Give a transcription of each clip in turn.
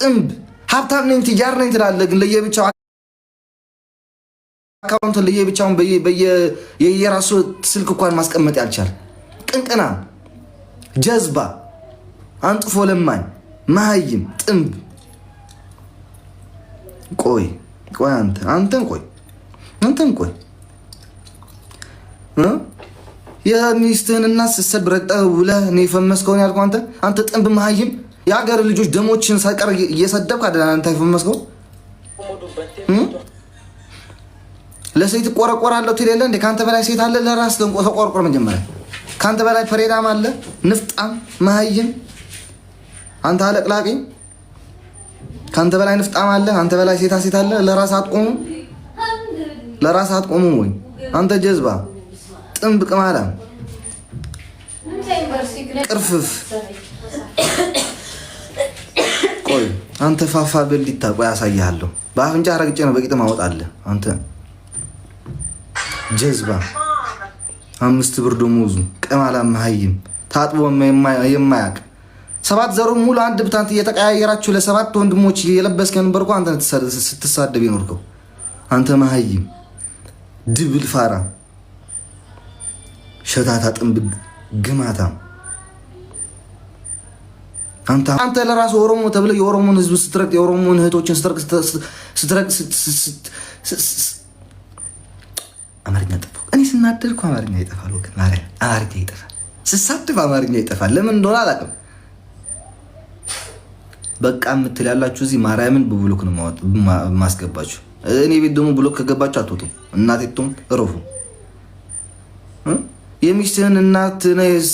ጥንብ ሀብታም ነኝ ትጃር ነኝ ትላለህ፣ ግን ለየብቻው አካውንት ለየብቻውን የየራሱ ስልክ እንኳን ማስቀመጥ ያልቻል ቅንቅና፣ ጀዝባ፣ አንጥፎ ለማኝ፣ መሀይም፣ ጥንብ። ቆይ ቆይ አንተ አንተን ቆይ አንተን ቆይ የሚስትህን እናት ስትሰድ ረግጠህ ውለህ እኔ የፈመስከውን ያልኩህ አንተ አንተ ጥንብ መሀይም የሀገር ልጆች ደሞችን ሳቀር እየሰደብክ አደላን ታይፈመስከው ለሴት ቆረቆራለሁ ትል የለ እንዴ? ከአንተ በላይ ሴት አለ? ለራስ ተቆርቆር መጀመሪያ። ከአንተ በላይ ፕሬዳም አለ፣ ንፍጣም፣ መሀይም፣ አንተ አለቅላቂ። ከአንተ በላይ ንፍጣም አለ፣ አንተ በላይ ሴታ ሴት አለ። ለራስ አትቆሙ፣ ለራስ አትቆሙ ወይ አንተ ጀዝባ፣ ጥንብቅ ማለ ቅርፍፍ አንተ ፋፋ ብል ሊታቆ ያሳያለሁ። በአፍንጫ ረግጬ ነው በቂጥ ማወጣለህ። አንተ ጀዝባ አምስት ብር ደሞዙ ቀማላ መሀይም ታጥቦ የማያቅ ሰባት ዘሩ ሙሉ አንድ ብታንት እየተቀያየራችሁ ለሰባት ወንድሞች የለበስከ ነበር እኮ አንተ ስትሳደብ የኖርከው አንተ መሀይም ድብል ፋራ ሸታታ ጥንብ ግማታም አንተ አንተ ለራሱ ኦሮሞ ተብለ የኦሮሞን ህዝብ ስትረቅ የኦሮሞን እህቶችን ስትረቅ ስትረቅ አማርኛ ጠፋ። እኔ ስናደድኩ አማርኛ ይጠፋል፣ አማርኛ ይጠፋል፣ ስሳድፍ አማርኛ ይጠፋል። ለምን እንደሆነ አላውቅም። በቃ የምትል ያላችሁ እዚህ ማርያምን ብብሎክ ነው ማስገባችሁ። እኔ ቤት ደግሞ ብሎክ ከገባችሁ አትወጡ። እናቴቱም እረፉ። የሚስትህን እናት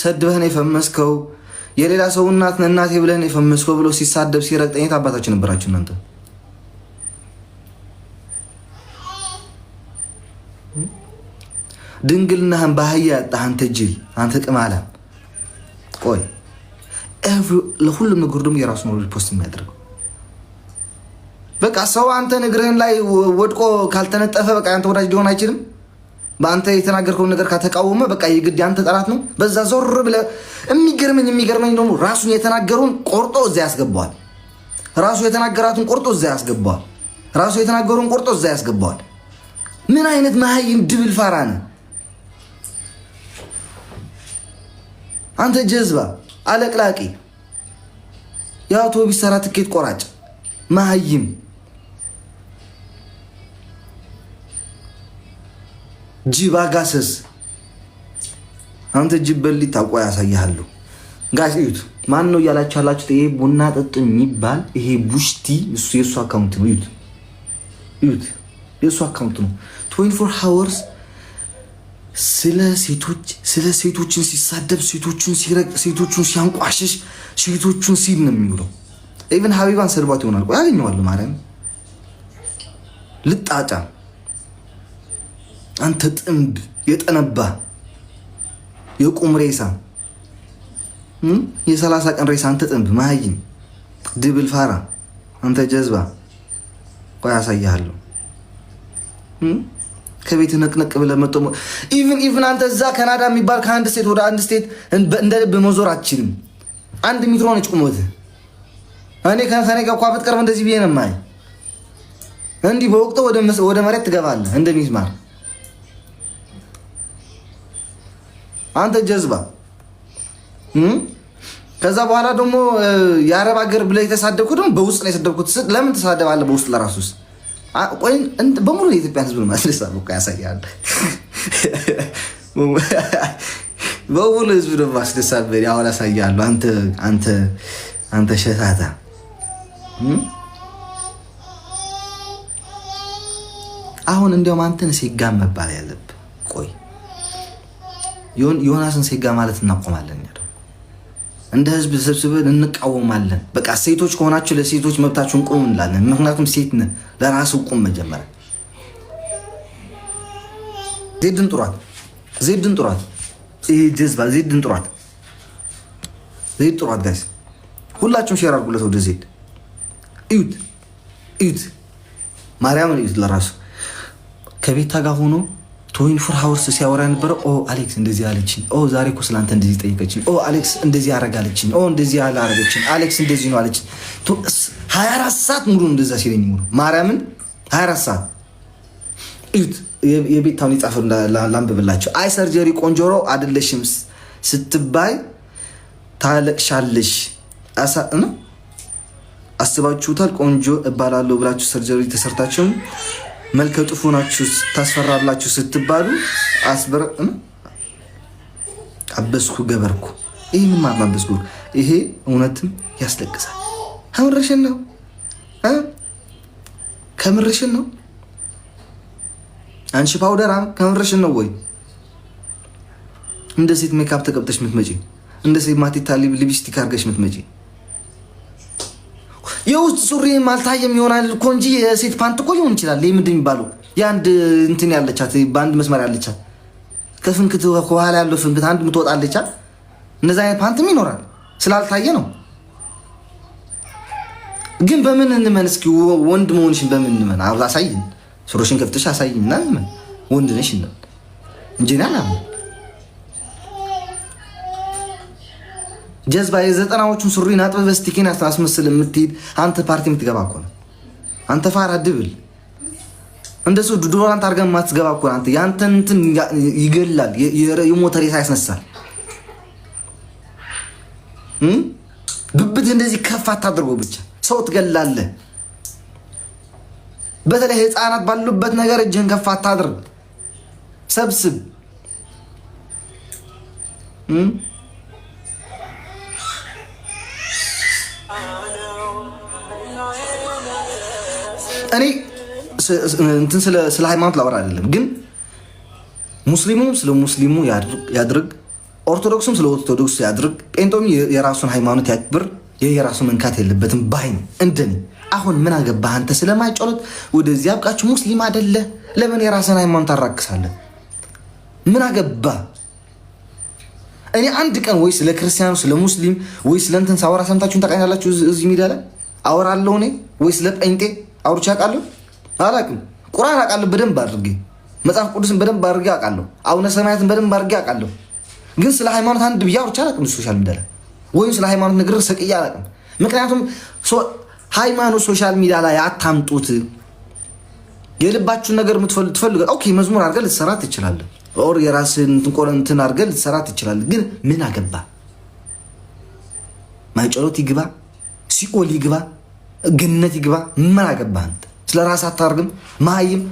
ሰድበህን የፈመስከው የሌላ ሰው እናት እናቴ ብለን የፈመስኮ ብሎ ሲሳደብ ሲረግጠኝ አባታችሁ ነበራችሁ እናንተ። ድንግልናህን ባህያ ያጣህ አንተ ጅል፣ አንተ ቅማላ። ቆይ ለሁሉም ነገር ደግሞ የራሱ ነው ሪፖስት የሚያደርገው። በቃ ሰው አንተ እግርህን ላይ ወድቆ ካልተነጠፈ በቃ አንተ ወዳጅ ሊሆን አይችልም። በአንተ የተናገርከውን ነገር ከተቃወመ በቃ የግድ አንተ ጠላት ነው። በዛ ዞር ብለ የሚገርመኝ የሚገርመኝ ደግሞ ራሱን የተናገሩን ቆርጦ እዛ ያስገባዋል። ራሱ የተናገራትን ቆርጦ እዛ ያስገባዋል። ራሱ የተናገሩን ቆርጦ እዛ ያስገባዋል። ምን አይነት መሀይም ድብል ፋራ ነህ አንተ ጀዝባ አለቅላቂ የአውቶቢስ ሰራ ትኬት ቆራጭ መሀይም ጅብ አጋሰስ አንተ ጅብ በሊት አቆ ያሳያለሁ። ጋሽ እዩት ማን ነው እያላችሁ ያላችሁት? ይሄ ቡና ጠጡ የሚባል ይሄ ቡሽቲ እሱ የእሱ አካውንት ነው። እዩት እዩት፣ የእሱ አካውንት ነው። 24 ሃወርስ ስለ ሴቶች ስለ ሴቶችን ሲሳደብ፣ ሴቶችን ሲረቅ፣ ሴቶችን ሲያንቋሽሽ፣ ሴቶችን ሲል ነው የሚውለው። ኢቨን ሀቢባን ሰድባት ይሆናል። ቆይ አገኘዋለሁ። ማርያም ልጣጫ አንተ ጥንብ የጠነባ የቁም ሬሳ የሰላሳ ቀን ሬሳ አንተ ጥንብ መሀይም ድብል ፋራ አንተ ጀዝባ ቆይ አሳያለሁ። ከቤት ነቅነቅ ብለህ መጥቶ ኢቭን ኢቭን አንተ እዛ ካናዳ የሚባል ከአንድ ስቴት ወደ አንድ ስቴት እንደ ልብ መዞር አትችልም። አንድ ሜትሮ ነች ቁመትህ። እኔ ከኔ ጋር እኮ ብትቀርብ እንደዚህ ብዬ ነው የማይ እንዲህ በወቅቱ ወደ መሬት ትገባለህ እንደ ሚስማር። አንተ ጀዝባ። ከዛ በኋላ ደግሞ የአረብ ሀገር ብለ የተሳደብኩት ደግሞ በውስጥ ነው የሰደብኩት። ለምን ተሳደባለህ በውስጥ ለራሱ ውስጥ? ቆይ በሙሉ የኢትዮጵያን ህዝብ ማስለሳ ያሳያል። በሙሉ ህዝብ ነው ማስደሳት። አሁን ያሳያሉ። አንተ አንተ አንተ ሸታታ አሁን እንዲያውም አንተን ሲጋ መባል ያለብህ ቆይ ዮናስን ሴጋ ማለት እናቆማለን። እንደ ህዝብ ሰብስበን እንቃወማለን። በቃ ሴቶች ከሆናችሁ ለሴቶች መብታችሁን ቁም እንላለን። ምክንያቱም ሴት ነህ፣ ለራሱ ቁም። መጀመሪያ ዜድን ጥሯት፣ ዜድን ጥሯት፣ ይሄ ጀዝባ ዜድን ጥሯት፣ ዜድ ጥሯት። ጋይስ ሁላችሁም ሼር አድርጉለት ወደ ዜድ። እዩት፣ እዩት፣ ማርያምን እዩት። ለራሱ ከቤታ ጋር ሆኖ ቶይን ፎር ሀውርስ ሲያወራ የነበረው ኦ አሌክስ እንደዚህ አለችኝ፣ ኦ ዛሬ እኮ ስላንተ እንደዚህ ጠይቀችኝ፣ ኦ አሌክስ እንደዚህ አረጋለችኝ፣ ኦ እንደዚህ አረገችኝ፣ አሌክስ እንደዚህ ነው አለችኝ። ሀያ አራት ሰዓት ሙሉ እንደዛ ሲለኝ ሙሉ ማርያምን ሀያ አራት ሰዓት እዩት። የቤታውን የጻፈ ላንብብላቸው። አይ ሰርጀሪ ቆንጆሮ አይደለሽም ስትባይ ታለቅሻለሽ አስባችሁታል። ቆንጆ እባላለሁ ብላችሁ ሰርጀሪ ተሰርታችሁም መልከ ጥፉ ናችሁ ታስፈራላችሁ ስትባሉ አስበር አበስኩ ገበርኩ። ይህ ምን ማለት አበስኩ? ይሄ እውነትም ያስለቅሳል። ከምርሽን ነው ከምርሽን ነው አንቺ ፓውደራ ከምርሽን ነው ወይ እንደ ሴት ሜካፕ ተቀብተሽ ምትመጪ? እንደ ሴት ማቴታ ሊፕስቲክ አድርገሽ ምትመጪ? የውስጥ ሱሪ አልታየም ይሆናል እኮ እንጂ የሴት ፓንት እኮ ሊሆን ይችላል። ይህ ምንድን የሚባለው የአንድ እንትን ያለቻት በአንድ መስመር ያለቻት ከፍንክት ከኋላ ያለው ፍንክት አንድ ምትወጣለቻ እነዚ አይነት ፓንትም ይኖራል። ስላልታየ ነው። ግን በምን እንመን እስኪ ወንድ መሆንሽን በምን እንመን? አሳይን፣ ሱሪሽን ከፍተሽ አሳይን እና ወንድ ነሽ እንል እንጂ እኔ አላምንም። ጀዝባ የዘጠናዎቹን ሱሪ ናጥበ ስቲኬን አስመስል የምትሄድ አንተ ፓርቲ የምትገባ እኮ ነው። አንተ ፋራ ድብል እንደሱ ዱዶራንት አድርገን ማትገባ እኮ አንተ እንትን ይገላል። የሞተ ሬሳ ያስነሳል። ብብት እንደዚህ ከፍ አታድርጎ ብቻ ሰው ትገላለህ። በተለይ ህፃናት ባሉበት ነገር እጅህን ከፍ አታድርግ። ሰብስብ እኔ እንትን ስለ ሃይማኖት ላወራ አይደለም፣ ግን ሙስሊሙም ስለ ሙስሊሙ ያድርግ፣ ኦርቶዶክስም ስለ ኦርቶዶክስ ያድርግ፣ ጴንጦም የራሱን ሃይማኖት ያክብር። ይህ የራሱ መንካት የለበትም ባይ ነው እንደኔ። አሁን ምን አገባህ አንተ ስለማይጮለት ወደዚህ አብቃችሁ ሙስሊም አደለ? ለምን የራስን ሃይማኖት አራክሳለህ? ምን አገባህ? እኔ አንድ ቀን ወይ ስለ ክርስቲያኑ ስለ ሙስሊም ወይ ስለ እንትን ሳወራ ሰምታችሁን ታውቃኛላችሁ? እዚህ ሚዲያ ላይ አወራለሁ እኔ ወይ ስለ ጴንጤ አውርቼ አውቃለሁ? አላውቅም። ቁርአን አውቃለሁ በደንብ አድርጌ፣ መጽሐፍ ቅዱስን በደንብ አድርጌ አውቃለሁ፣ አቡነ ሰማያትን በደንብ አድርጌ አውቃለሁ። ግን ስለ ሃይማኖት አንድ ብዬ አውርቼ አላውቅም ሶሻል ሚዲያ ላይ ወይም ስለ ሃይማኖት ንግግር ሰቅዬ አላውቅም። ምክንያቱም ሃይማኖት ሶሻል ሚዲያ ላይ አታምጡት። የልባችሁን ነገር ትፈልገ ኦኬ፣ መዝሙር አድርገህ ልትሰራ ትችላለህ ኦር የራስን ትንቆረንትን አድርገህ ልትሰራ ትችላለህ። ግን ምን አገባ? ማይጨሎት ይግባ፣ ሲኦል ይግባ፣ ገነት ይግባ። ምን አገባ? አንተ ስለ ራስ አታርግም። መሀይም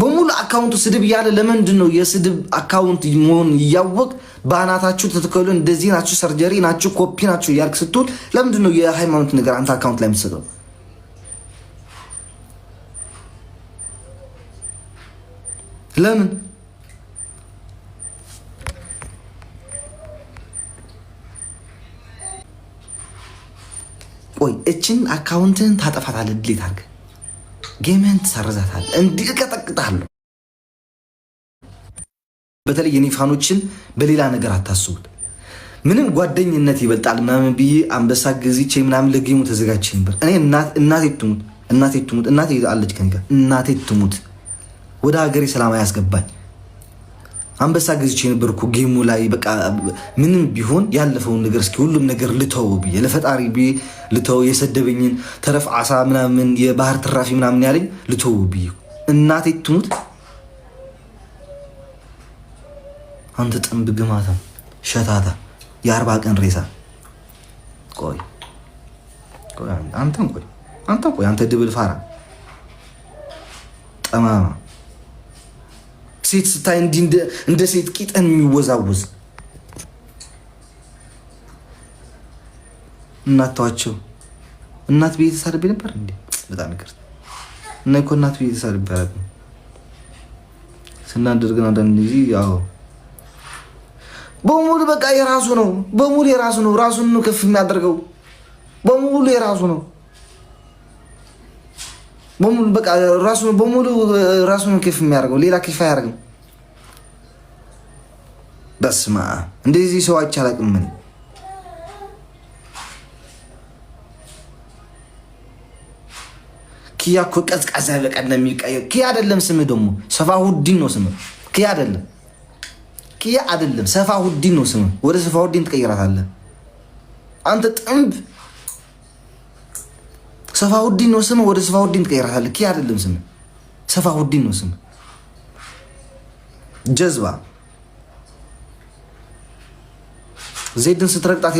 በሙሉ አካውንቱ ስድብ እያለ ለምንድን ነው የስድብ አካውንት መሆን እያወቅ በአናታችሁ ተተከሉ። እንደዚህ ናችሁ፣ ሰርጀሪ ናችሁ፣ ኮፒ ናችሁ እያልክ ስትውል ለምንድን ነው የሃይማኖት ነገር አንተ አካውንት ላይ የምትሰጠው? ለምን ቆይ እችን አካውንትህን ታጠፋታለህ፣ ድሌት አድርገህ ጌምህን ትሰርዛታለህ፣ እንዲህ እቀጠቅጥሃለሁ። በተለይ የኔ ፋኖችን በሌላ ነገር አታስቡት። ምንም ጓደኝነት ይበልጣል ምናምን ብዬ አንበሳ ገዝቼ ምናምን ለጌሙ ተዘጋጅቼ ነበር። እኔ እናቴ ትሙት እናቴ ትሙት እናቴ አለች ከኔ ጋር እናቴ ትሙት ወደ ሀገሬ ሰላም አያስገባኝ አንበሳ ገዝቼ ነበር እኮ ጌሙ ላይ በቃ ምንም ቢሆን ያለፈውን ነገር እስኪ ሁሉም ነገር ልተው ብዬ ለፈጣሪ ብዬ ልተው የሰደበኝን ተረፍ ዓሳ ምናምን የባህር ትራፊ ምናምን ያለኝ ልተው ብዬ እናቴ ትሙት። አንተ ጥንብ ግማታ ሸታታ የአርባ ቀን ሬሳ ቆይ አንተን ቆይ አንተን ቆይ አንተ ድብል ፋራ ጠማማ ሴት ስታይ እንደ ሴት ቂጠን የሚወዛወዝ እናተዋቸው እናት ቤት ተሳድቤ ነበር እንዴ? በጣም ይቅርት እና እኮ እናት ቤት ተሳድቤ አላውቅም። አንዳንድ ጊዜ ያው በሙሉ በቃ የራሱ ነው። በሙሉ የራሱ ነው። ራሱን ነው ከፍ የሚያደርገው። በሙሉ የራሱ ነው። በቃ ራሱን በሙሉ ራሱን ኬፍ የሚያደርገው ሌላ ኬፍ አያደርግም። በስማ እንደዚህ ሰው አይቻላቅም። ምን ኪያ እኮ ቀዝቃዛ በቀን ነው የሚቀየው። ኪያ አይደለም ስም ደግሞ ሰፋሁዲን ነው ስም። ኪያ አይደለም ኪያ አይደለም ሰፋሁዲን ነው ስም። ወደ ሰፋሁዲን ትቀይራታለህ አንተ ጥንብ ሰፋውዲን ነው ስም። ወደ ሰፋውዲን ትቀይራታለህ። ኪ አይደለም ስም፣ ሰፋውዲን ነው ስም። ጀዝባ ዜድን ስትረግጣት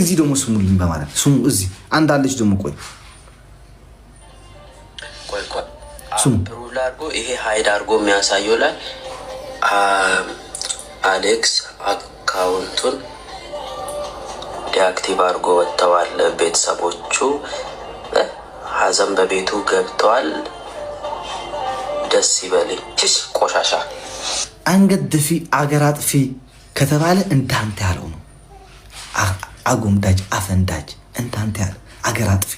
እዚህ ደግሞ ስሙልኝ በማለት ስሙ። እዚህ አንድ አለች ደግሞ ቆይ ስሙ ሩል ይሄ ሀይድ አድርጎ የሚያሳየው ላይ አሌክስ አካውንቱን ዲአክቲቭ አርጎ ወጥተዋል ቤተሰቦቹ ሀዘን በቤቱ ገብተዋል። ደስ ይበልኝ። ቆሻሻ አንገት ድፊ አገር አጥፊ ከተባለ እንዳንተ ያለው ነው። አጎምዳጅ አፈንዳጅ እንዳንተ ያለ አገር አጥፊ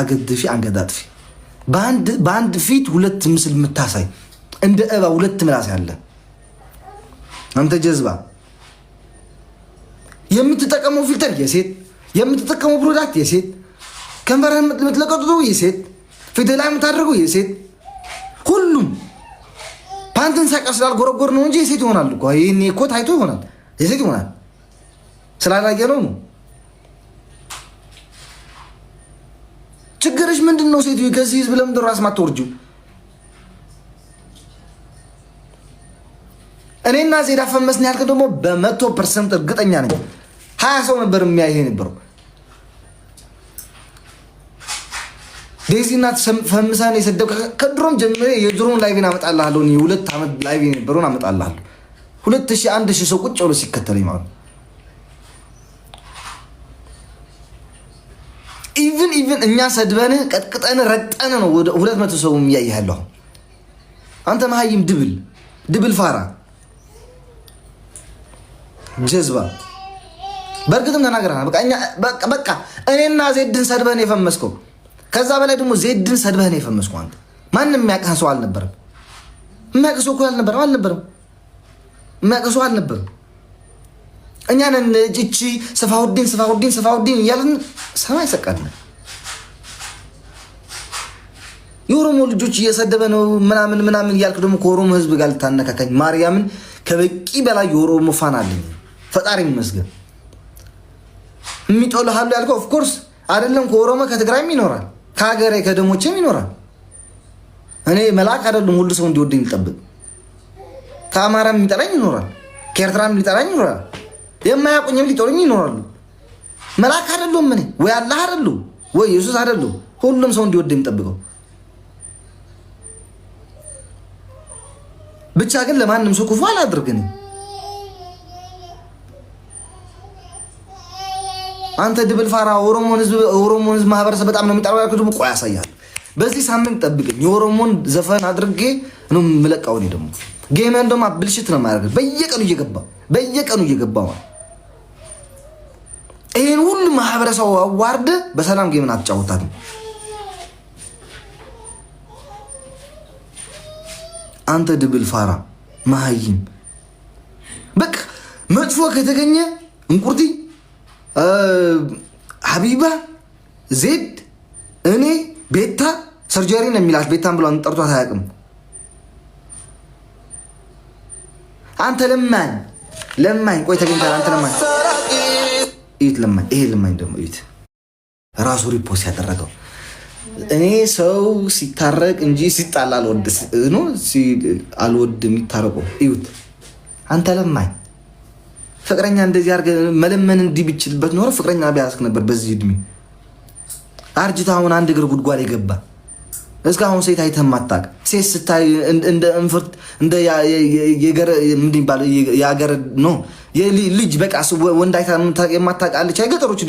አገር ድፊ አንገት አጥፊ በአንድ ፊት ሁለት ምስል የምታሳይ እንደ እባ ሁለት ምላስ ያለ አንተ ጀዝባ የምትጠቀመው ፊልተር የሴት የምትጠቀመው ፕሮዳክት የሴት ከንበረህ የምትለቀጡት የሴት ፊትህ ላይ የምታደርገው የሴት ሁሉም ፓንትን ሳይቀር ስላልጎረጎር ነው እንጂ የሴት ይሆናል እኮ ይህኔ እኮ ታይቶ ይሆናል የሴት ይሆናል ስላላየ ነው ነው ችግርሽ ምንድን ነው? ሴት ከዚህ ህዝብ ለምንድን ራስ ማትወርጂው? እኔና ዜድ አፈመስን ያልከው ደግሞ በመቶ ፐርሰንት እርግጠኛ ነኝ። ሀያ ሰው ነበር የሚያይ ነበረው። ዴዚ እናት ፈምሳን የሰደብ ከድሮም ጀምሬ የድሮን ላይቬን አመጣልሃለሁ። የሁለት ዓመት ላይቭ የነበረውን አመጣልሃለሁ። ሁለት ሺህ አንድ ሺህ ሰው ቁጭ ብሎ ሲከተለኝ ማለት ኢቭን ኢቭን እኛ ሰድበን ቀጥቅጠን ረጠን ነው ወደ ሁለት መቶ ሰው የሚያይሃለሁ። አንተ መሀይም ድብል ድብል ፋራ ጀዝባ በእርግጥም ተናግረሃል። በቃ እኔና ዜድን ሰድበን የፈመስከው ከዛ በላይ ደግሞ ዜድን ሰድበህ ነው የፈመስኩ። አንተ ማንም የሚያውቅህ ሰው አልነበረም። የሚያውቅህ ሰው አልነበረም አልነበረም የሚያውቅህ ሰው አልነበረም። ነን እቺ ስፋውዲን ስፋውዲን ስፋውዲን እያለን ሰማይ ሰቀድን። የኦሮሞ ልጆች እየሰደበ ነው ምናምን ምናምን እያልክ ደግሞ ከኦሮሞ ህዝብ ጋር ልታነካካኝ ማርያምን። ከበቂ በላይ የኦሮሞ ፋን አለኝ ፈጣሪ ይመስገን። የሚጦልሃሉ ያልከው ኦፍኮርስ አይደለም ከኦሮሞ ከትግራይም ይኖራል ከሀገሬ ከደሞቼም ይኖራል። እኔ መልአክ አይደለም ሁሉ ሰው እንዲወደኝ ይጠብቅ። ከአማራም የሚጠላኝ ይኖራል፣ ከኤርትራም ሊጠላኝ ይኖራል፣ የማያውቁኝም ሊጠሩኝ ይኖራሉ። መልአክ አይደለም እኔ ወይ አላህ አይደለም ወይ ኢየሱስ አይደለም ሁሉም ሰው እንዲወደኝ ልጠብቀው። ብቻ ግን ለማንም ሰው ክፉ አላድርግ አንተ ድብል ፋራ ኦሮሞን ህዝብ ኦሮሞን ህዝብ ማህበረሰብ በጣም ነው የሚጠራው ያልኩት ደግሞ ቆይ ያሳያል። በዚህ ሳምንት ጠብቅኝ። የኦሮሞን ዘፈን አድርጌ ነው የምለቀው። እኔ ደግሞ ጌመን ደግሞ ብልሽት ነው የማደርገው። በየቀኑ እየገባ በየቀኑ እየገባ ማለት ይህን ሁሉ ማህበረሰቡ አዋርደ በሰላም ጌምን አትጫወታትም። አንተ ድብል ፋራ መሀይም በቃ መጥፎ ከተገኘ እንቁርቲ ሀቢባ፣ ዜድ፣ እኔ፣ ቤታ ሰርጀሪ ነው የሚላት። ቤታን ብሎ ጠርቷት አያውቅም። አንተ ለማኝ ለማኝ፣ ቆይ ተገኝታል። አንተ ለማኝ እዩት፣ ለማኝ ይሄ ለማኝ ደግሞ እዩት፣ ራሱ ሪፖርት ያደረገው እኔ ሰው ሲታረቅ እንጂ ሲጣል አልወድ አልወድ የሚታረቁ እዩት፣ አንተ ለማኝ ፍቅረኛ እንደዚህ አርገ መለመን እንዲህ ብችልበት ኖሮ ፍቅረኛ ቢያስክ ነበር። በዚህ እድሜ አርጅታ አሁን አንድ እግር ጉድጓድ የገባ እስካሁን ሴት አይተህ የማታውቅ ሴት ስታይ እንደ እንፍርት እንደ የአገር ነው ልጅ በቃ ወንድ አይታ የማታውቃለች።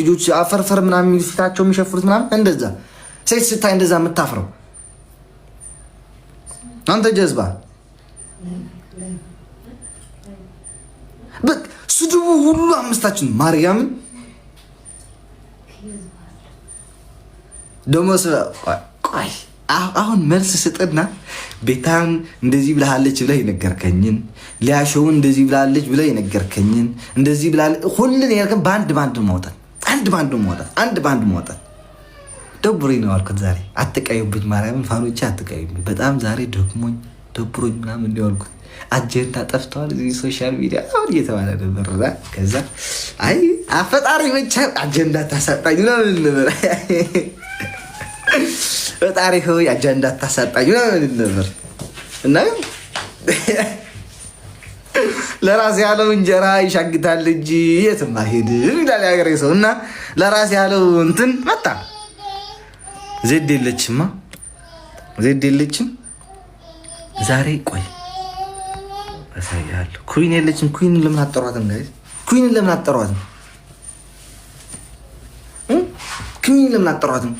ልጆች አፈርፈር ምናምን ፊታቸው የሚሸፍሩት ምናምን እንደዛ ሴት ስታይ እንደዛ የምታፍረው አንተ ጀዝባ ስድቡ ሁሉ አምስታችን ማርያምን ደግሞ ቆይ አሁን መልስ ስጥና ቤታን እንደዚህ ብላለች ብለህ የነገርከኝን ሊያሸውን እንደዚህ ብላለች ብለህ የነገርከኝን እንደዚህ ብላ ሁሉን ያልከን በአንድ በአንድ ማውጣት አንድ በአንድ ማውጣት አንድ በአንድ ማውጣት ደብሮኝ ነው አልኩት። ዛሬ አትቀዩብኝ፣ ማርያምን ፋኖቼ አትቀዩብኝ። በጣም ዛሬ ደክሞኝ ደብሮኝ ምናምን ነው ያልኩት። አጀንዳ ጠፍተዋል እዚህ ሶሻል ሚዲያ አሁን እየተባለ ነበር። ከዛ አይ አፈጣሪ ብቻ አጀንዳ ታሳጣኝ ምናምን ነበር። ፈጣሪ ሆ አጀንዳ ታሳጣኝ ምናምን ነበር እና ለራስ ያለው እንጀራ ይሻግታል እንጂ የትም አይሄድም ይላል የሀገሬ ሰው። እና ለራስ ያለው እንትን መጣ ዜድ የለችማ ዜድ የለችም ዛሬ ቆይ አሳያለሁ። ኩዊን የለችም። ኩዊንን ለምን አጠሯትም? ጋይዝ ኩዊንን ለምን አጠሯትም? ኩዊንን ለምን አጠሯትም?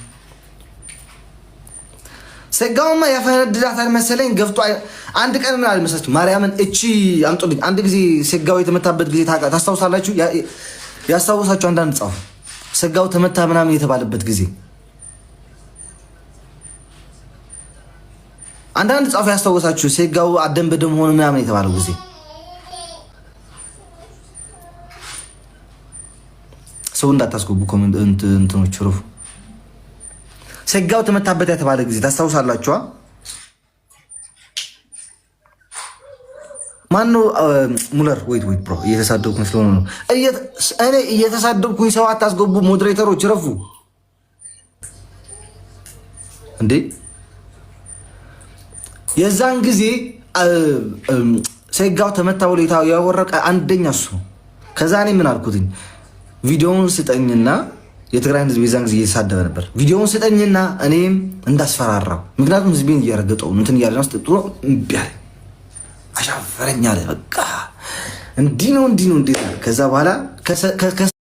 ሰጋውማ ያፈነድዳታል መሰለኝ ገብቶ አንድ ቀን ምን አልመሳችሁ ማርያምን እቺ አምጡልኝ። አንድ ጊዜ ሰጋው የተመታበት ጊዜ ታስታውሳላችሁ? ያስታወሳችሁ አንዳንድ ጻፉ። ሰጋው ተመታ ምናምን የተባለበት ጊዜ አንዳንድ ጻፉ ያስታወሳችሁ ሴት ጋር አደንበደም ሆነ ምናምን የተባለው ጊዜ ሰው እንዳታስገቡ እንትኖች ሩፍ ሴጋው ተመታበት የተባለ ጊዜ ታስታውሳላችኋ? ማነው ሙለር? ወይት ወይት ብሮ እየተሳደብኩኝ ስለሆነ ነው። እኔ እየተሳደብኩኝ ሰው አታስገቡ ሞዴሬተሮች ረፉ እንዴ የዛን ጊዜ ሴጋው ተመታ ብሎ ያወረቀ አንደኛ እሱ ከዛ እኔ ምን አልኩትኝ ቪዲዮውን ስጠኝና የትግራይን ህዝብ የዛን ጊዜ እየተሳደበ ነበር። ቪዲዮውን ስጠኝና እኔም እንዳስፈራራው ምክንያቱም ህዝቤን እያረገጠው እንትን እያለ ስጥጥሮ እምቢ አለ፣ አለ። በቃ እንዲህ ነው እንዲህ ነው እንዴት። ከዛ በኋላ ከሰደበኝ